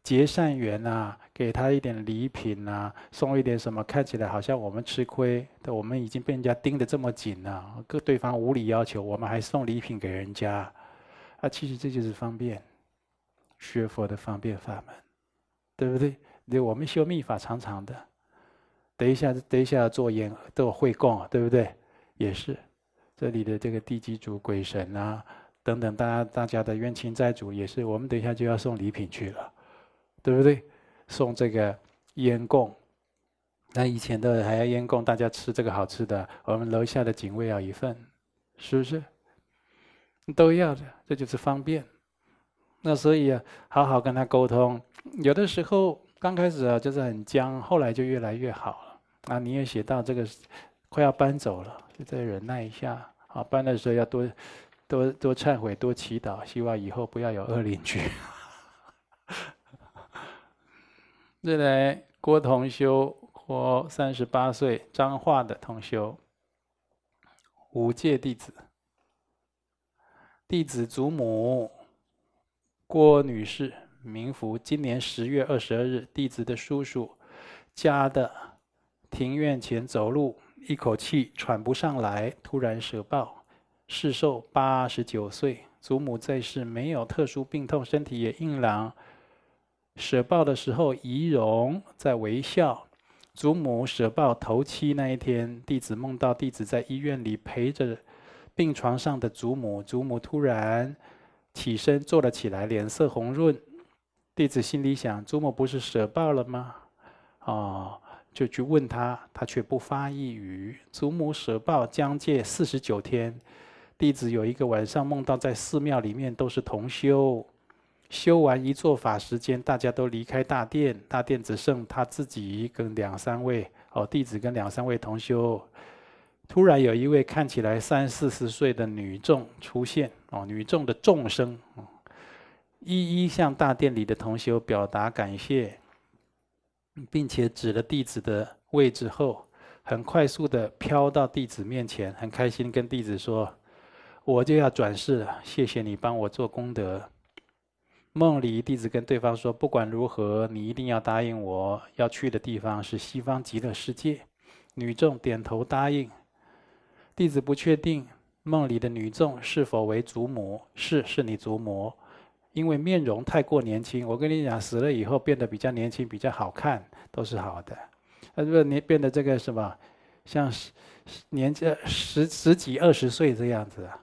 結善緣啊。給他一點禮品啊，送一點什麼？看起來好像我們吃虧，但我們已經被人家盯得這麼緊了，啊，各對方無理要求，我們還送禮品給人家，啊，其實這就是方便，學佛的方便法門，對不對？對，我們修密法常常的，等一下，等一下做煙供、會供，啊，對不對？也是，這裡的這個地基主、鬼神啊等等，大家大家的冤親債主也是，我們等一下就要送禮品去了，對不對？送這個煙供，那以前的還要煙供，大家吃這個好吃的。我們樓下的警衛要一份，是不是？都要的，這就是方便。那所以啊，好好跟他溝通。有的時候剛開始啊，就是很僵，後來就越來越好了。啊，你也寫到這個快要搬走了，就再忍耐一下。好，搬的時候要多多多懺悔，多祈禱，希望以後不要有惡鄰居。日來郭同修活三十八歲，彰化的同修，五戒弟子，弟子祖母，郭女士，名符。今年十月二十二日，弟子的叔叔，家的庭院前走路，一口氣喘不上來，突然捨報，世壽八十九歲。祖母在世沒有特殊病痛，身體也硬朗。捨報的時候，遺容在微笑。祖母捨報頭七那一天，弟子夢到弟子在醫院裡陪着病床上的祖母，祖母突然起身坐了起來，臉色紅潤。弟子心裡想：祖母不是捨報了嗎？哦，就去問她，她卻不發一語。祖母捨報將屆四十九天，弟子有一個晚上夢到在寺廟裡面都是同修。修完一座法時間，大家都離開大殿，大殿只剩他自己跟兩三位哦，弟子跟兩三位同修。突然有一位看起來三四十歲的女眾出現哦，女眾的眾生一一向大殿裡的同修表達感謝，並且指了弟子的位置後，很快速地飄到弟子面前，很開心跟弟子說：“我就要轉世了，謝謝你幫我做功德。”夢裡弟子跟對方說：“不管如何，你一定要答應我，要去的地方是西方極樂世界。”女眾點頭答應。弟子不確定夢裡的女眾是否為祖母，是，是你祖母，因為面容太過年輕。我跟你講，死了以後變得比較年輕、比較好看，都是好的。那如果你變得這個什麼，像十、年紀十十幾、二十歲這樣子啊？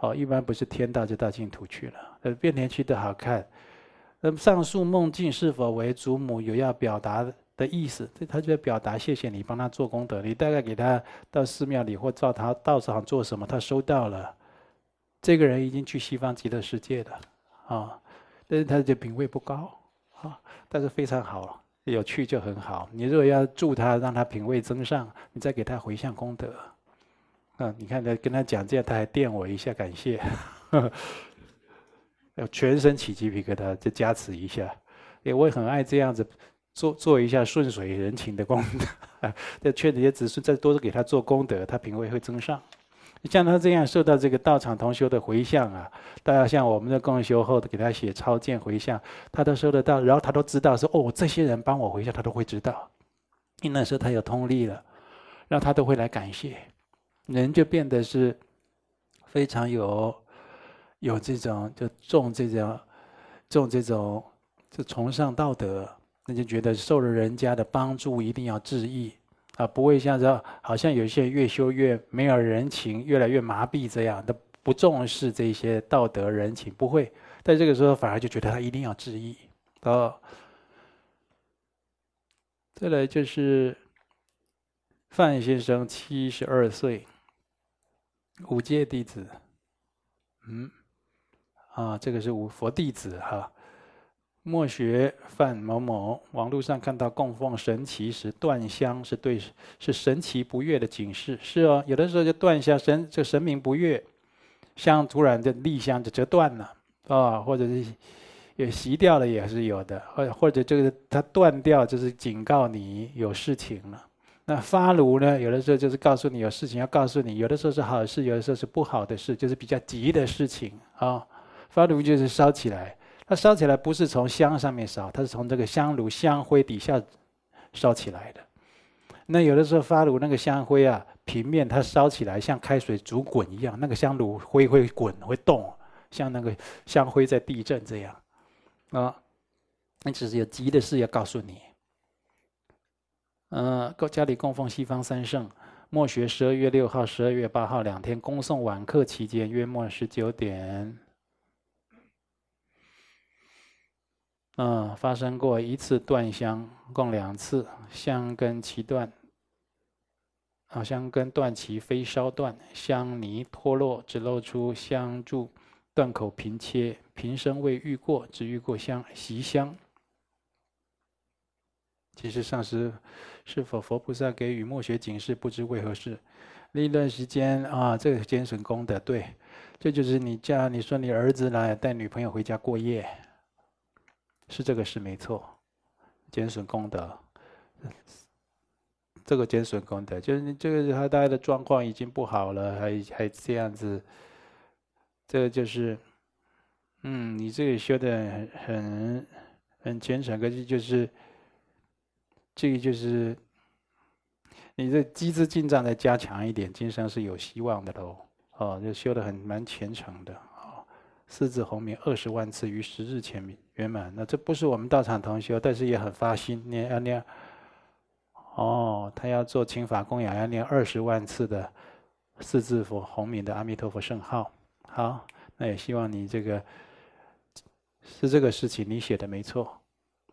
哦，一般不是天道就到淨土去了。呃，變天去都好看。那麼上述夢境是否為祖母有要表達的意思？這他就要表達謝謝你幫他做功德。你大概給他到寺廟裡或到他道場，做什麼，他收到了。這個人已經去西方極樂世界了啊！但是他就品位不高啊，但是非常好，有去就很好。你如果要助他，讓他品位增上，你再給他回向功德。嗯，你看他跟他講這樣，他還電我一下，感謝， 要全身起雞皮疙瘩，再加持一下。因為我也很愛這樣子做做一下順水人情的功德，再勸，這也只是再多多給他做功德，他品位會增上。像他這樣受到這個道場同修的回向啊，大家像我們的共修後給他寫超薦回向，他都收得到，然後他都知道說哦，這些人幫我回向，他都會知道。那時候他有通力了，然後他都會來感謝。人就變得是，非常有，有這種就重這種，重這種就崇尚道德，那就覺得受了人家的幫助一定要致意，啊，不會像說好像有一些越修越沒有人情，越來越麻痹這樣的，不重視這些道德人情，不會，在這個時候反而就覺得他一定要致意，哦。再來就是，范先生七十二歲。五戒弟子，嗯，啊，這個是五佛弟子哈。末學范某某，網絡上看到供奉神祇時斷香，是對是神祇不悅的警示。是哦，有的時候就斷香神，這神明不悅，香突然就立香就折斷了，啊，或者是也熄掉了也是有的，或或者這是它斷掉，就是警告你有事情了。那發爐呢？有的時候就是告訴你有事情，要告訴你，有的時候是好事，有的時候是不好的事，就是比較急的事情啊。哦，發爐就是燒起來，它燒起來不是從香上面燒，它是從這個香爐香灰底下燒起來的。那有的時候發爐那個香灰啊，平面它燒起來像開水煮滾一樣，那個香爐灰會滾會動，像那個香灰在地震這樣啊。哦，那只是有急的事要告訴你。嗯、呃，家裡供奉西方三聖。末學十二月六號、十二月八號兩天恭送晚課期間，約莫十九點。嗯、呃，發生過一次斷香，共兩次香根齊斷，好、啊、香根斷齊非燒斷，香泥脫落，只露出香柱，斷口平切，平生未遇過，只遇過香襲香。其實上師是否佛，佛菩薩給予默許警示，不知為何事。那一段時間啊，這個是減損功德，對，這就是你家你說你兒子來帶女朋友回家過夜，是這個是沒錯，減損功德。這個減損功德，就是你這個他他的狀況已經不好了，還還這樣子，這個就是，嗯，你這個修的很很很虔誠，可是就是。這個就是，你這積資淨障，再加強一點，今生是有希望的嘍。哦，就修得很蠻虔誠的。哦，四字洪名二十萬次於十日前面圓滿。那這不是我們道場同修，但是也很發心念要念。哦，他要做請法供養，要念二十萬次的四字佛洪名的阿彌陀佛聖號。好，那也希望你這個是這個事情，你寫的沒錯。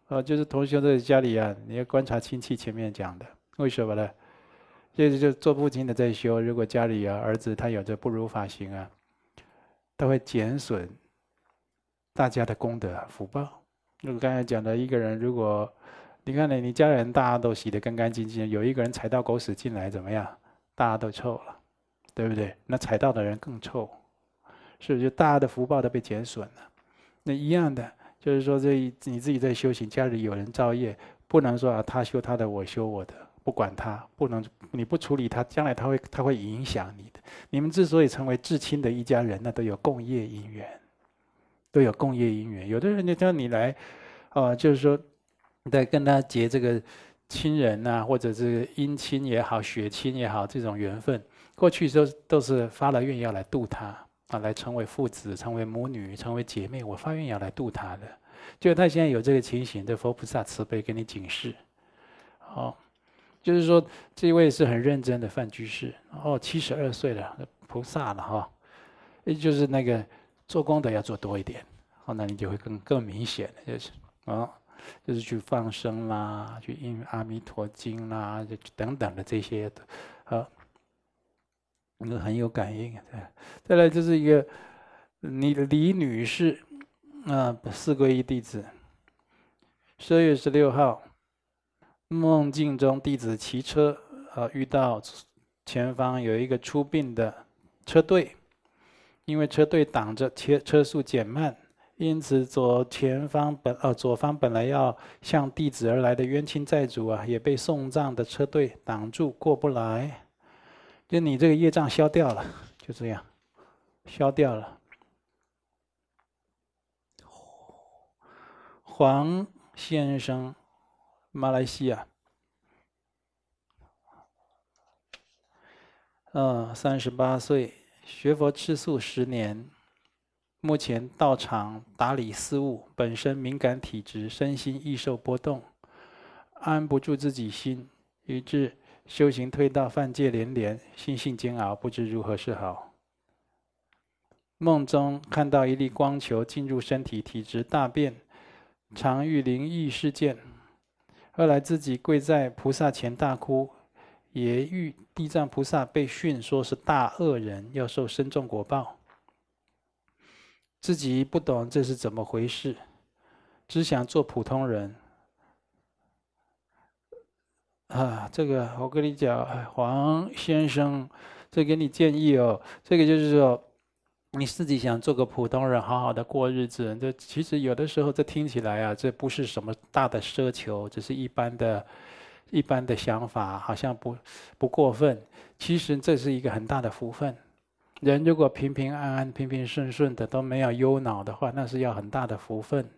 啊，就是同學在家裡啊，你要觀察親戚前面講的，為什麼呢？就是就做父親的在修，如果家裡啊兒子他有着不如法行，啊，他會減損大家的功德福報。那我剛才講的一個人，如果你看呢，你家裡人大家都洗得乾乾淨淨，有一個人踩到狗屎進來，怎麼樣？大家都臭了，對不對？那踩到的人更臭，是不是？就大家的福報都被減損了，那一樣的。就是說，這你自己在修行，家裡有人造業，不能說啊，他修他的，我修我的，不管他，不能你不處理他，將來他會他會影響你的。你們之所以成為至親的一家人，那都有共業因緣，都有共業因緣。有的人就叫你來，啊，就是說，你在跟他結這個親人吶，啊，或者是姻親也好、血親也好，這種緣分，過去都都是發了願要來度他。啊，來成為父子，成為母女，成為姐妹，我發願要來度他的。就他現在有這個情形，這佛菩薩慈悲給你警示。哦，就是說這位是很認真的范居士，哦，七十二歲了，菩薩了哈。也就是那個做功德要做多一點，然後你就會更更明顯，就是啊、哦，就是去放生啦，去印阿彌陀經啦，就等等的這些，那很有感應，對。再來就是一個，李李女士，啊、呃，四皈依弟子。十二月十六號，夢境中，弟子騎車，啊、呃，遇到前方有一個出殯的車隊，因為車隊擋着，車車速減慢，因此左前方本啊、呃，左方本來要向弟子而來的冤親債主啊，也被送葬的車隊擋住，過不來。就你這個業障消掉了，就這樣，消掉了。黃先生，馬來西亞，呃，三十八歲，學佛吃素十年，目前道場打理事務，本身敏感體質，身心易受波動，安不住自己心，以致，修行推到犯戒連連，心性煎熬，不知如何是好。夢中看到一粒光球進入身體，體質大變，常遇靈異事件。後來自己跪在菩薩前大哭，也遇地藏菩薩被訓，說是大惡人，要受深重果報。自己不懂這是怎麼回事，只想做普通人。啊，這個我跟你講，黃先生，這給你建議哦。這個就是說，你自己想做個普通人，好好的過日子。這其實有的時候這聽起來啊，這不是什麼大的奢求，只是一般的、一般的想法，好像不不過分。其實這是一個很大的福分。人如果平平安安、平平順順的都沒有憂惱的話，那是要很大的福分。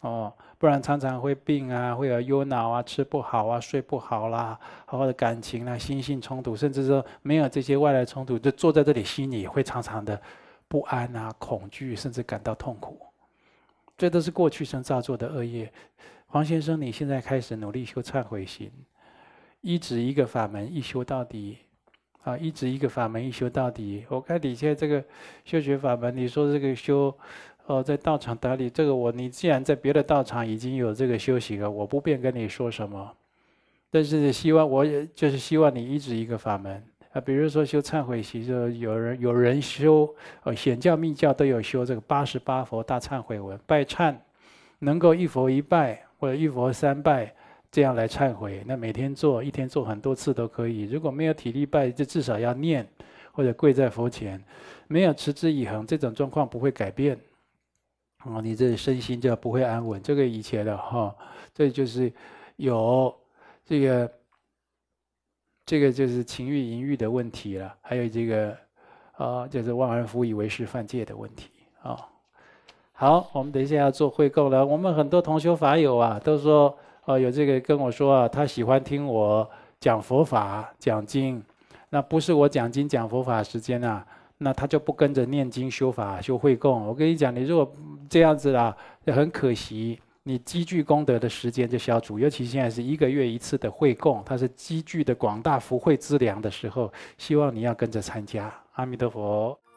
哦，不然常常會病啊，會有憂惱啊，吃不好啊，睡不好啦、啊，好好的感情啊、心性衝突，甚至說沒有這些外來衝突，就坐在這裡心裡會常常的不安啊、恐懼，甚至感到痛苦。這都是過去生造作的惡業。黃先生，你現在開始努力修懺悔心，一指一個法門，一修到底啊！一指一個法門，一修到底。我看底下這個修學法門，你說這個修。哦，在道場打理這個，我你既然在別的道場已經有這個修行了，我不便跟你說什麼。但是希望我也就是希望你依止一個法門啊，比如說修懺悔習，就有人有人修，哦，顯教密教都有修這個八十八佛大懺悔文拜懺，能夠一佛一拜或者一佛三拜這樣來懺悔。那每天做，一天做很多次都可以。如果沒有體力拜，就至少要念或者跪在佛前。沒有持之以恆，這種狀況不會改變。哦，你這身心就不會安穩，這個以前的哈，這就是有這個，這個就是情欲、淫欲的問題了，還有這個啊、哦，就是忘恩負義、為師犯戒的問題啊、哦。好，我們等一下要做會供了。我們很多同修法友啊，都說哦、呃，有這個跟我說啊，他喜歡聽我講佛法、講經，那不是我講經講佛法時間啊。那他就不跟着念經修法修會供。我跟你講，你如果這樣子啊，很可惜，你積聚功德的時間就消除，尤其現在是一個月一次的會供，它是積聚的廣大福慧資糧的時候，希望你要跟着參加。阿彌陀佛。